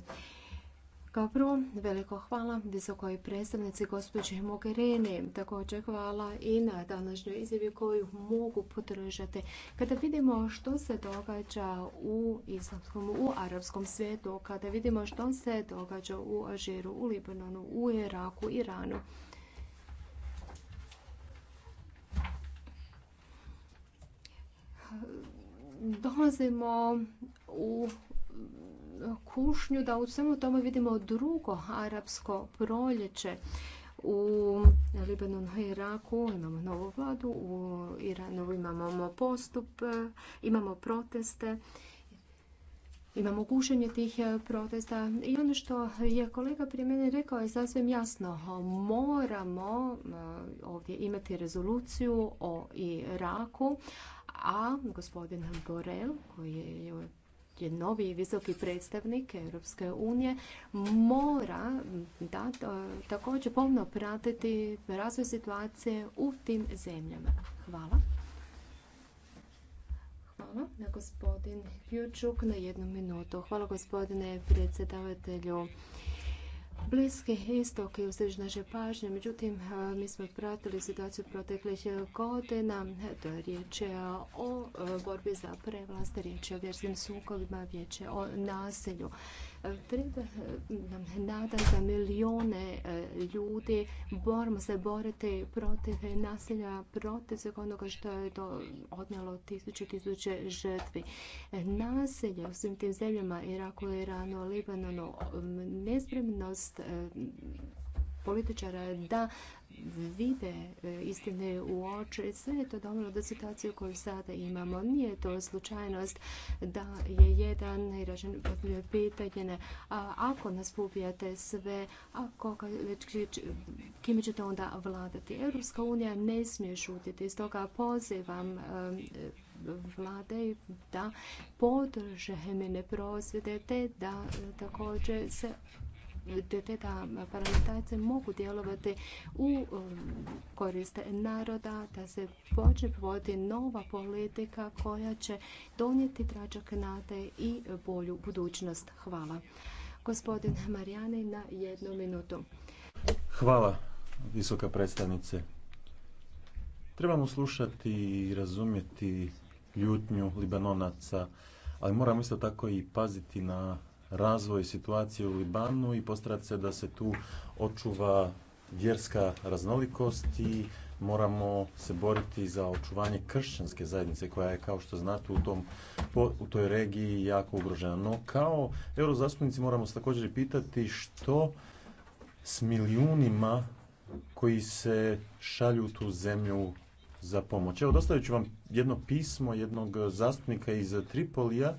[SPEAKER 4] Kao prvo, veliko hvala visokoj predstavnici gospođi Mogherini. Također hvala i na današnjoj izjavi koju mogu podržati. Kada vidimo što se događa u islamskom, u arapskom svijetu, kada vidimo što se događa u Ažiru, u Libanonu, u Iraku, Iranu, dolazimo u kušnju da u svemu tome vidimo drugo arapsko proljeće u Libanonu i Iraku imamo novu vladu, u Iranu imamo postup, imamo proteste, imamo gušenje tih protesta. I ono što je kolega prije mene rekao je sasvim jasno. Moramo eh, ovdje imati rezoluciju o Iraku, a gospodin Borel, koji je novi visoki predstavnik Europske unije mora da, također pomno pratiti razvoj situacije u tim zemljama. Hvala. Hvala. Na gospodin Jučuk na jednu minutu. Hvala gospodine predsjedavatelju. Bliski istok je uzreći naše pažnje, međutim e, mi smo pratili situaciju proteklih godina. to je o e, borbi za prevlast, riječ o vjerskim sukobima, riječ je o naselju. Treba nam eh, nada za milijone eh, ljudi. Moramo se boriti protiv nasilja, protiv svega onoga što je to odnijelo tisuće tisuće žrtvi. Eh, nasilje u svim tim zemljama, Iraku, Iranu, Libanonu, mm, nespremnost političara da vide e, istine u oči. Sve je to dovelo do situaciju koju sada imamo. Nije to slučajnost da je jedan pitanje a ako nas pubijate sve, ako, kime ćete onda vladati? Europska unija ne smije šutiti. Stoga pozivam e, vlade da podrže ne prosvjede te da e, također se te da parlamentarci mogu djelovati u um, korist naroda, da se počne provoditi nova politika koja će donijeti tračak nade i bolju budućnost. Hvala. Gospodin Marijani na jednu minutu.
[SPEAKER 3] Hvala, visoka predstavnice. Trebamo slušati i razumjeti ljutnju Libanonaca, ali moramo isto tako i paziti na razvoj situacije u Libanu i postarati se da se tu očuva vjerska raznolikost i moramo se boriti za očuvanje kršćanske zajednice koja je kao što znate u, tom, u toj regiji jako ugrožena. No kao eurozastupnici moramo se također pitati što s milijunima koji se šalju tu zemlju za pomoć. Evo, dostavit ću vam jedno pismo jednog zastupnika iz Tripolija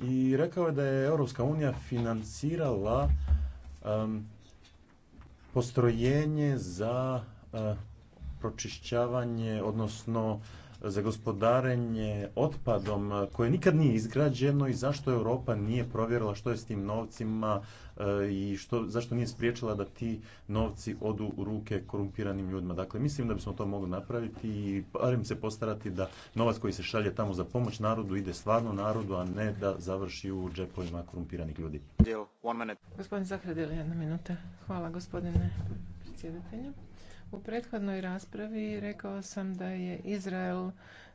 [SPEAKER 3] i rekao je da je Europska unija financirala um, postrojenje za eh, pročišćavanje, odnosno za gospodarenje otpadom koje nikad nije izgrađeno i zašto Europa nije provjerila što je s tim novcima eh, i što, zašto nije spriječila da ti novci odu u ruke korumpiranim ljudima. Dakle, mislim da bismo to mogli napraviti i barem se postarati da novac koji se šalje tamo za pomoć narodu ide stvarno narodu, a ne da završi u džepovima korumpiranih ljudi.
[SPEAKER 5] Gospodin Hvala gospodine predsjedatelju. U prethodnoj raspravi rekao sam da je Izrael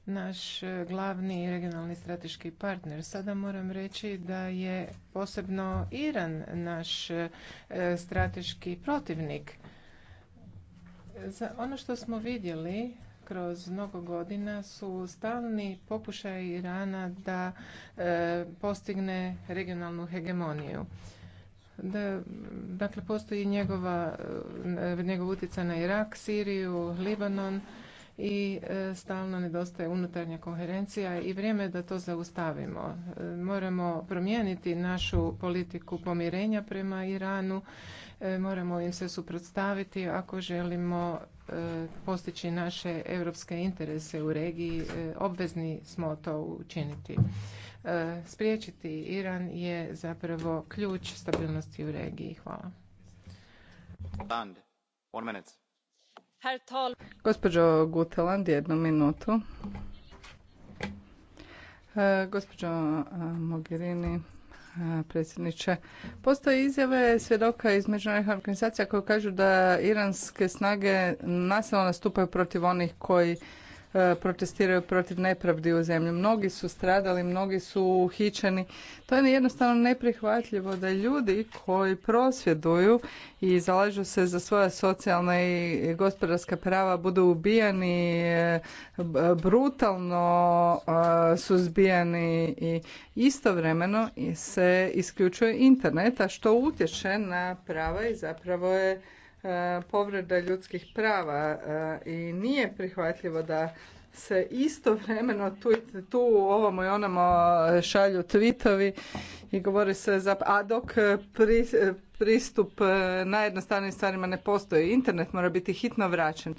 [SPEAKER 5] naš glavni regionalni strateški partner. Sada moram reći da je posebno Iran naš e, strateški protivnik. Za ono što smo vidjeli kroz mnogo godina su stalni pokušaji Irana da e, postigne regionalnu hegemoniju da, dakle, postoji njegova, e, njegov utjecaj na Irak, Siriju, Libanon i e, stalno nedostaje unutarnja koherencija i vrijeme je da to zaustavimo. E, moramo promijeniti našu politiku pomirenja prema Iranu, moramo im se suprotstaviti ako želimo postići naše europske interese u regiji, obvezni smo to učiniti. E, spriječiti Iran je zapravo ključ stabilnosti u regiji. Hvala. Gospođo Guteland, jednu minutu.
[SPEAKER 6] E, gospođo e, Mogherini, predsjedniče. Postoje izjave svjedoka iz međunarodnih organizacija koje kažu da iranske snage nasilno nastupaju protiv onih koji E, protestiraju protiv nepravdi u zemlji. Mnogi su stradali, mnogi su uhićeni. To je jednostavno neprihvatljivo da ljudi koji prosvjeduju i zalažu se za svoja socijalna i gospodarska prava budu ubijani, e, brutalno e, suzbijani i istovremeno se isključuje interneta što utječe na prava i zapravo je E, povreda ljudskih prava e, i nije prihvatljivo da se istovremeno tu, tu ovom i onamo šalju tvitovi i govori se za... A dok pristup e, najjednostavnijim stvarima ne postoji, internet mora biti hitno vraćen.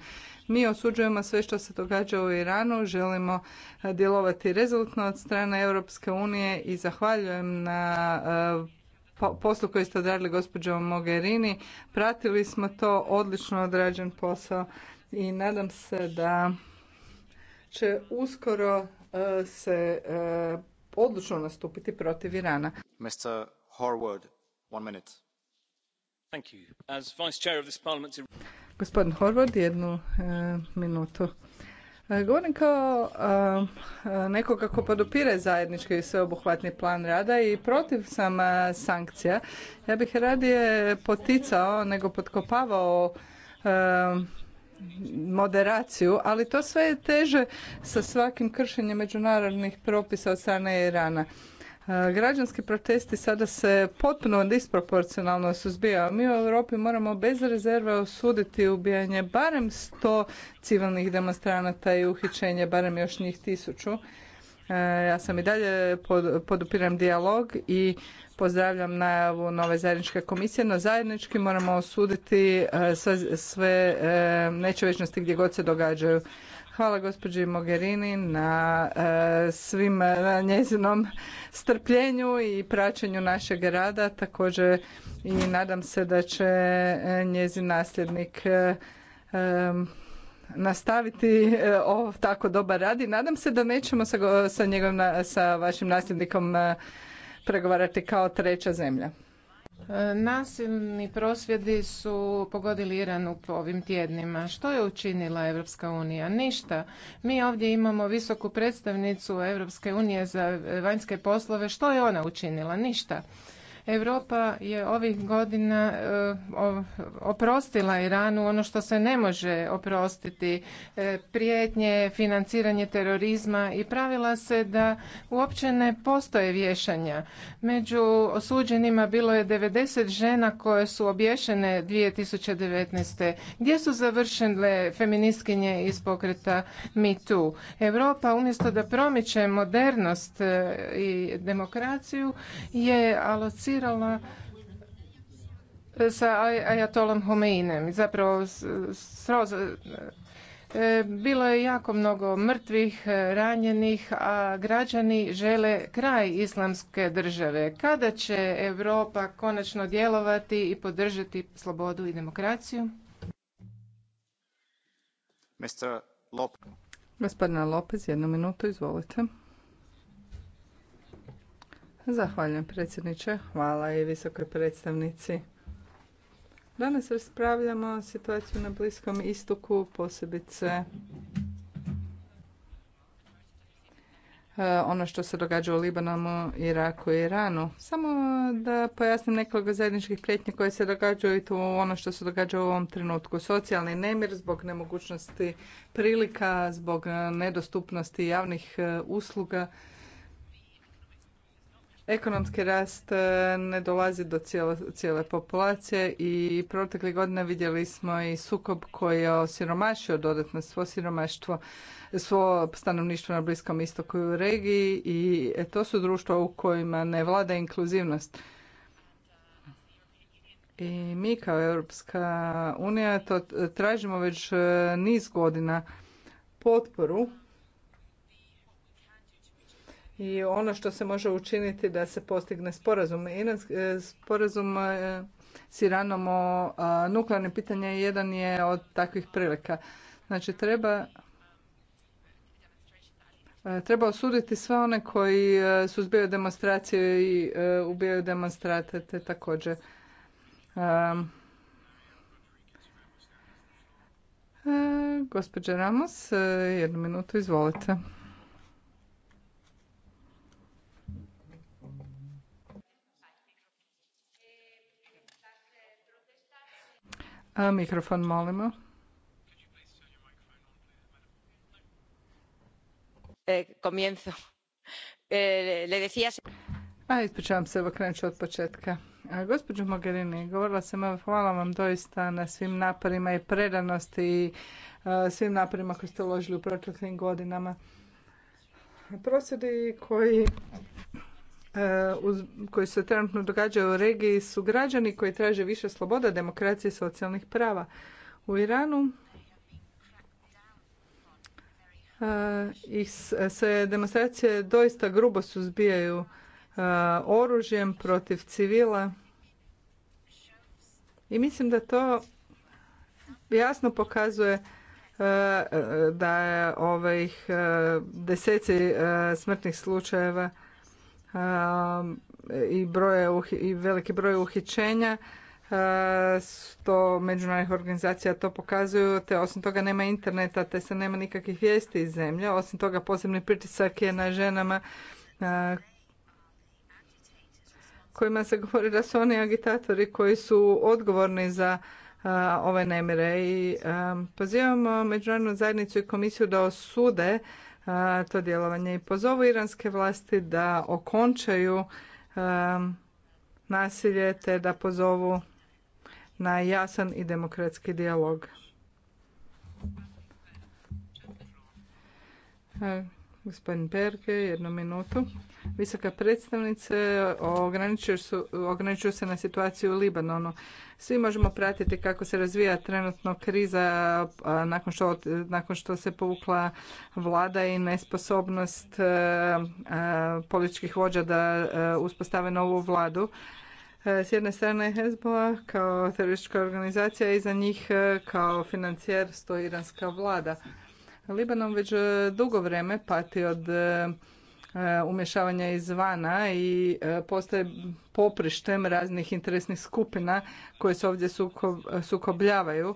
[SPEAKER 6] Mi osuđujemo sve što se događa u Iranu, želimo djelovati rezultno od strane Europske unije i zahvaljujem na poslu koji ste odradili gospođo Mogherini. Pratili smo to, odlično odrađen posao i nadam se da će uskoro e, se e, odlučno nastupiti protiv Irana. Mr.
[SPEAKER 5] Horwood, one minute. Thank you. As vice chair of this parliament...
[SPEAKER 6] Gospodin Horvod, jednu e, minutu. E, govorim kao e, e, neko kako podupire zajednički i sveobuhvatni plan rada i protiv sam sankcija. Ja bih radije poticao nego potkopavao moderaciju, ali to sve je teže sa svakim kršenjem međunarodnih propisa od strane Irana. E, građanski protesti sada se potpuno disproporcionalno suzbijaju. Mi u Europi moramo bez rezerve osuditi ubijanje barem sto civilnih demonstranata i uhićenje barem još njih tisuću. E, ja sam i dalje podupiram dijalog i pozdravljam najavu nove zajedničke komisije, no zajednički moramo osuditi e, sve, sve nečovječnosti gdje god se događaju. Hvala gospođi Mogherini na e, svim na e, njezinom strpljenju i praćenju našeg rada. Također i nadam se da će e, njezin nasljednik nastaviti ovo tako dobar rad i nadam se da nećemo sa, sa, sa vašim nasljednikom pregovarati kao treća zemlja.
[SPEAKER 5] Nasilni prosvjedi su pogodili Iran u ovim tjednima. Što je učinila Europska unija? Ništa. Mi ovdje imamo visoku predstavnicu Europske unije za vanjske poslove. Što je ona učinila? Ništa. Europa je ovih godina eh, oprostila Iranu ono što se ne može oprostiti, eh, prijetnje, financiranje terorizma i pravila se da uopće ne postoje vješanja. Među osuđenima bilo je 90 žena koje su obješene 2019. Gdje su završile feministkinje iz pokreta MeToo? Europa umjesto da promiče modernost eh, i demokraciju je alocirana komunicirala e, sa Ajatolom Homeinem. Zapravo, sroz, e, bilo je jako mnogo mrtvih, e, ranjenih, a građani žele kraj islamske države. Kada će Europa konačno djelovati i podržati slobodu i demokraciju?
[SPEAKER 2] Mr. Lopez.
[SPEAKER 5] Lopez, jednu
[SPEAKER 6] minutu, izvolite. Zahvaljujem predsjedniče, hvala i visokoj predstavnici. Danas raspravljamo situaciju na Bliskom istoku, posebice e, ono što se događa u Libanonu, Iraku i Iranu. Samo da pojasnim nekoliko zajedničkih prijetnji koje se događaju i to ono što se događa u ovom trenutku. Socijalni nemir zbog nemogućnosti prilika, zbog nedostupnosti javnih e, usluga, Ekonomski rast e, ne dolazi do cijele, populacije i protekle godine vidjeli smo i sukob koji je osiromašio dodatno svo siromaštvo, svo stanovništvo na Bliskom istoku i u regiji i e, to su društva u kojima ne vlada inkluzivnost. I mi kao Europska unija to e, tražimo već niz godina potporu i ono što se može učiniti da se postigne sporazum. E, sporazum e, s Iranom o nuklearnim pitanjima jedan je od takvih prilika. Znači treba e, Treba osuditi sve one koji suzbijaju demonstracije i ubijaju demonstrate, te također um, Ramos, jednu minutu, izvolite. A mikrofon molimo.
[SPEAKER 4] E, e
[SPEAKER 6] A, ispričavam se, evo krenut ću od početka. gospođo Mogherini, govorila sam, hvala vam doista na svim naporima i predanosti i svim naporima koje ste uložili u proteklim godinama. Prosvjedi koji E, koji se trenutno događaju u regiji su građani koji traže više sloboda, demokracije i socijalnih prava. U Iranu e, ih se demonstracije doista grubo suzbijaju e, oružjem protiv civila i mislim da to jasno pokazuje da je ovih deseci smrtnih slučajeva i, broje, i veliki broj uhićenja što međunarodnih organizacija to pokazuju, te osim toga nema interneta, te se nema nikakvih vijesti iz zemlje. Osim toga posebni pritisak je na ženama kojima se govori da su oni agitatori koji su odgovorni za ove nemire i pozivamo međunarodnu zajednicu i komisiju da osude to djelovanje i pozovu iranske vlasti da okončaju nasilje te da pozovu na jasan i demokratski dijalog. Gospodin Berge, jednu minutu. Visoka predstavnice, ograničuju se na situaciju u Libanonu. Svi možemo pratiti kako se razvija trenutno kriza nakon što, nakon što se povukla vlada i nesposobnost e, e, političkih vođa da e, uspostave novu vladu. S jedne strane Hezbollah kao teroristička organizacija, i za njih kao financijer stoji iranska vlada. Libanon već e, dugo vreme pati od e, e, umješavanja izvana i postaje poprištem raznih interesnih skupina koje se ovdje sukobljavaju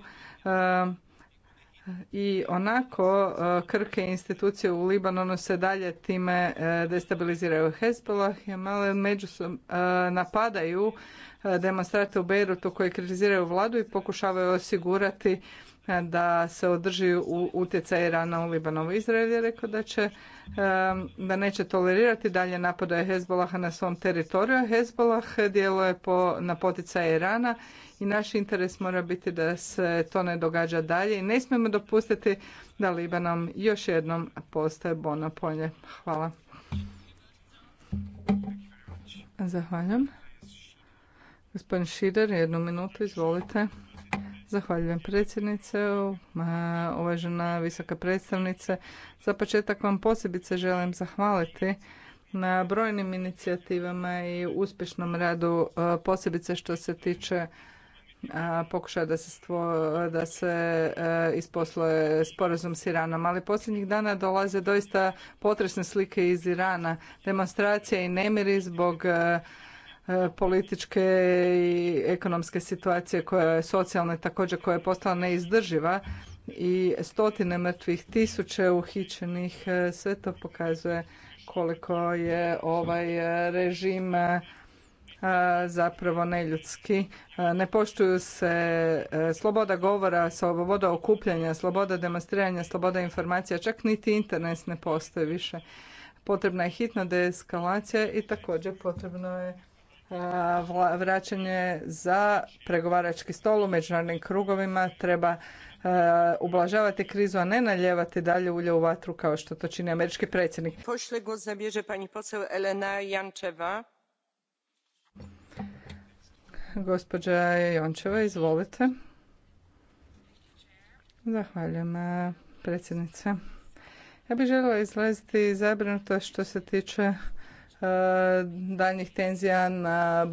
[SPEAKER 6] i onako krke institucije u Libanonu se dalje time destabiliziraju. Hezbollah i malo međusobno napadaju demonstrate u Beirutu koji kritiziraju vladu i pokušavaju osigurati da se održi u utjecaj Irana u Libanu Izrael je rekao da će da neće tolerirati dalje napadaje Hezbolaha na svom teritoriju. Hezbolah djeluje po, na poticaj Irana i naš interes mora biti da se to ne događa dalje i ne smijemo dopustiti da Libanom još jednom postaje bono polje. Hvala. Zahvaljujem. Gospodin Šider, jednu minutu, izvolite. Zahvaljujem predsjednice, uvažena visoka predstavnice. Za početak vam posebice želim zahvaliti na brojnim inicijativama i uspješnom radu, e, posebice što se tiče e, pokušaja da se, stvo, da se e, isposluje sporazum s Iranom. Ali posljednjih dana dolaze doista potresne slike iz Irana, demonstracije i nemiri zbog E, političke i ekonomske situacije koja je socijalna također koja je postala neizdrživa i stotine mrtvih tisuće uhićenih e, sve to pokazuje koliko je ovaj e, režim zapravo neljudski. Ne poštuju se sloboda govora, sloboda okupljanja, sloboda demonstriranja, sloboda informacija, čak niti internet ne postoji više. Potrebna je hitna deeskalacija i također potrebno je vraćanje za pregovarački stol u međunarodnim krugovima treba ublažavati krizu, a ne naljevati dalje ulje u vatru kao što to čini američki predsjednik. Pošle go zabježe pani Elena Jančeva. Gospođa Jončeva, izvolite. Zahvaljujem predsjednice. Ja bih željela izlaziti zabrinutost što se tiče E, daljnjih tenzija na